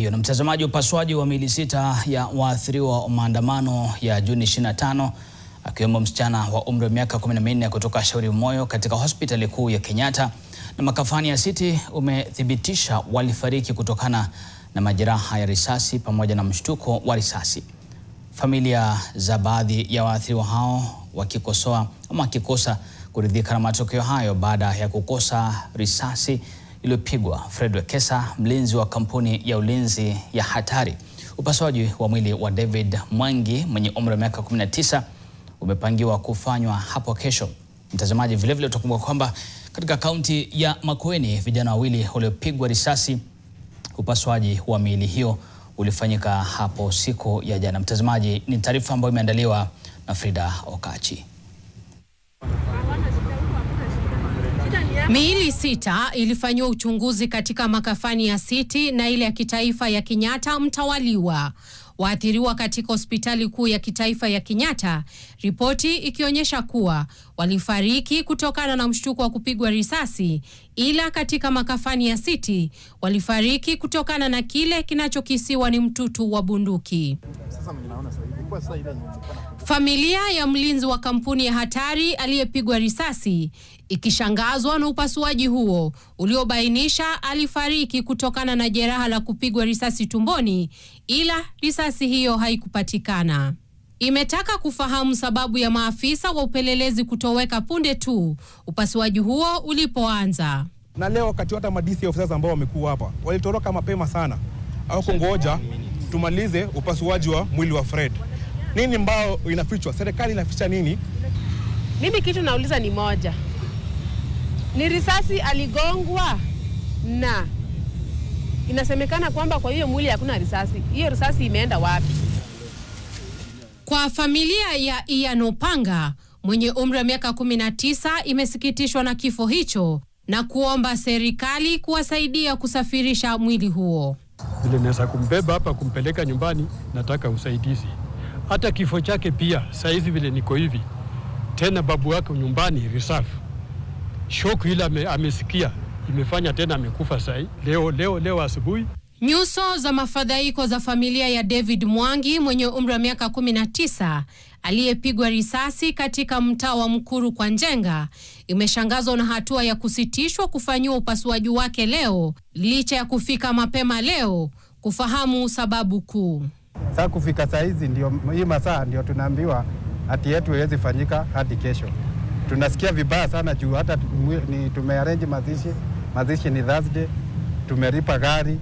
Hiyo na mtazamaji, upasuaji wa miili sita ya waathiriwa wa maandamano ya Juni 25 akiwemo msichana wa umri wa miaka 14 kutoka Shauri Moyo katika hospitali kuu ya Kenyatta na makafani ya City umethibitisha walifariki kutokana na majeraha ya risasi pamoja na mshtuko wa risasi. Familia za baadhi ya waathiriwa hao wakikosoa ama wakikosa kuridhika na matokeo hayo baada ya kukosa risasi iliyopigwa. Fred Wekesa, mlinzi wa kampuni ya ulinzi ya Hatari. Upasuaji wa mwili wa David Mwangi mwenye umri wa miaka 19 umepangiwa kufanywa hapo kesho. Mtazamaji, vilevile utakumbuka kwamba katika kaunti ya Makueni vijana wawili waliopigwa risasi, upasuaji wa miili hiyo ulifanyika hapo siku ya jana. Mtazamaji, ni taarifa ambayo imeandaliwa na Frida Okachi. Miili sita ilifanyiwa uchunguzi katika makafani ya City na ile ya kitaifa ya Kenyatta mtawaliwa. Waathiriwa katika hospitali kuu ya kitaifa ya Kenyatta, ripoti ikionyesha kuwa walifariki kutokana na mshtuko wa kupigwa risasi, ila katika makafani ya City walifariki kutokana na kile kinachokisiwa ni mtutu wa bunduki. Sasa, Familia ya mlinzi wa kampuni ya hatari aliyepigwa risasi ikishangazwa na upasuaji huo uliobainisha alifariki kutokana na jeraha la kupigwa risasi tumboni, ila risasi hiyo haikupatikana. Imetaka kufahamu sababu ya maafisa wa upelelezi kutoweka punde tu upasuaji huo ulipoanza. Na leo wakati hata ma DCI officers ambao wamekuwa hapa walitoroka mapema sana, hawakungoja tumalize upasuaji wa mwili wa Fred. Nini mbao inafichwa? Serikali inaficha nini? Mimi kitu nauliza ni moja, ni risasi aligongwa na inasemekana kwamba kwa hiyo mwili hakuna risasi. Hiyo risasi imeenda wapi? Kwa familia ya Ian Opanga mwenye umri wa miaka 19 imesikitishwa na kifo hicho na kuomba serikali kuwasaidia kusafirisha mwili huo vile naweza kumbeba hapa kumpeleka nyumbani, nataka usaidizi. Hata kifo chake pia, saizi vile niko hivi tena, babu yake nyumbani risafu shoku ile amesikia imefanya tena, amekufa sai leo leo leo asubuhi. Nyuso za mafadhaiko za familia ya David Mwangi mwenye umri wa miaka 19 aliyepigwa risasi katika mtaa wa Mkuru kwa Njenga imeshangazwa na hatua ya kusitishwa kufanyiwa upasuaji wake leo licha ya kufika mapema leo kufahamu sababu kuu. Sasa kufika saa hizi ndio hii masaa ndio tunaambiwa hati yetu haiwezi fanyika hadi kesho. Tunasikia vibaya sana juu hata tumearrange mazishi, mazishi ni Thursday, tumeripa gari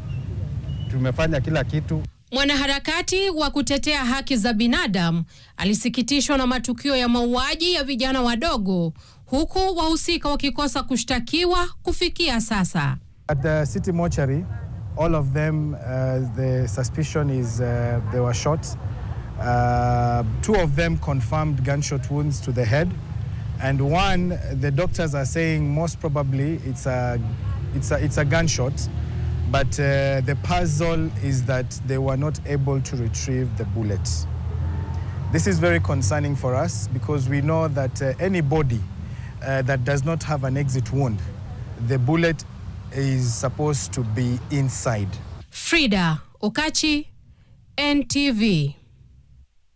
tumefanya kila kitu. Mwanaharakati wa kutetea haki za binadamu alisikitishwa na matukio ya mauaji ya vijana wadogo huku wahusika wakikosa kushtakiwa kufikia sasa. At the city mortuary, all of them, uh, the suspicion is, uh, they were shot. Uh, two of them confirmed gunshot wounds to the head. And one, the doctors are saying most probably it's a, it's a, it's a gunshot. But uh, the puzzle is that they were not able to retrieve the bullet. This is very concerning for us because we know that uh, any uh, that does not have an exit wound, the bullet is supposed to be inside. Frida Okachi, NTV.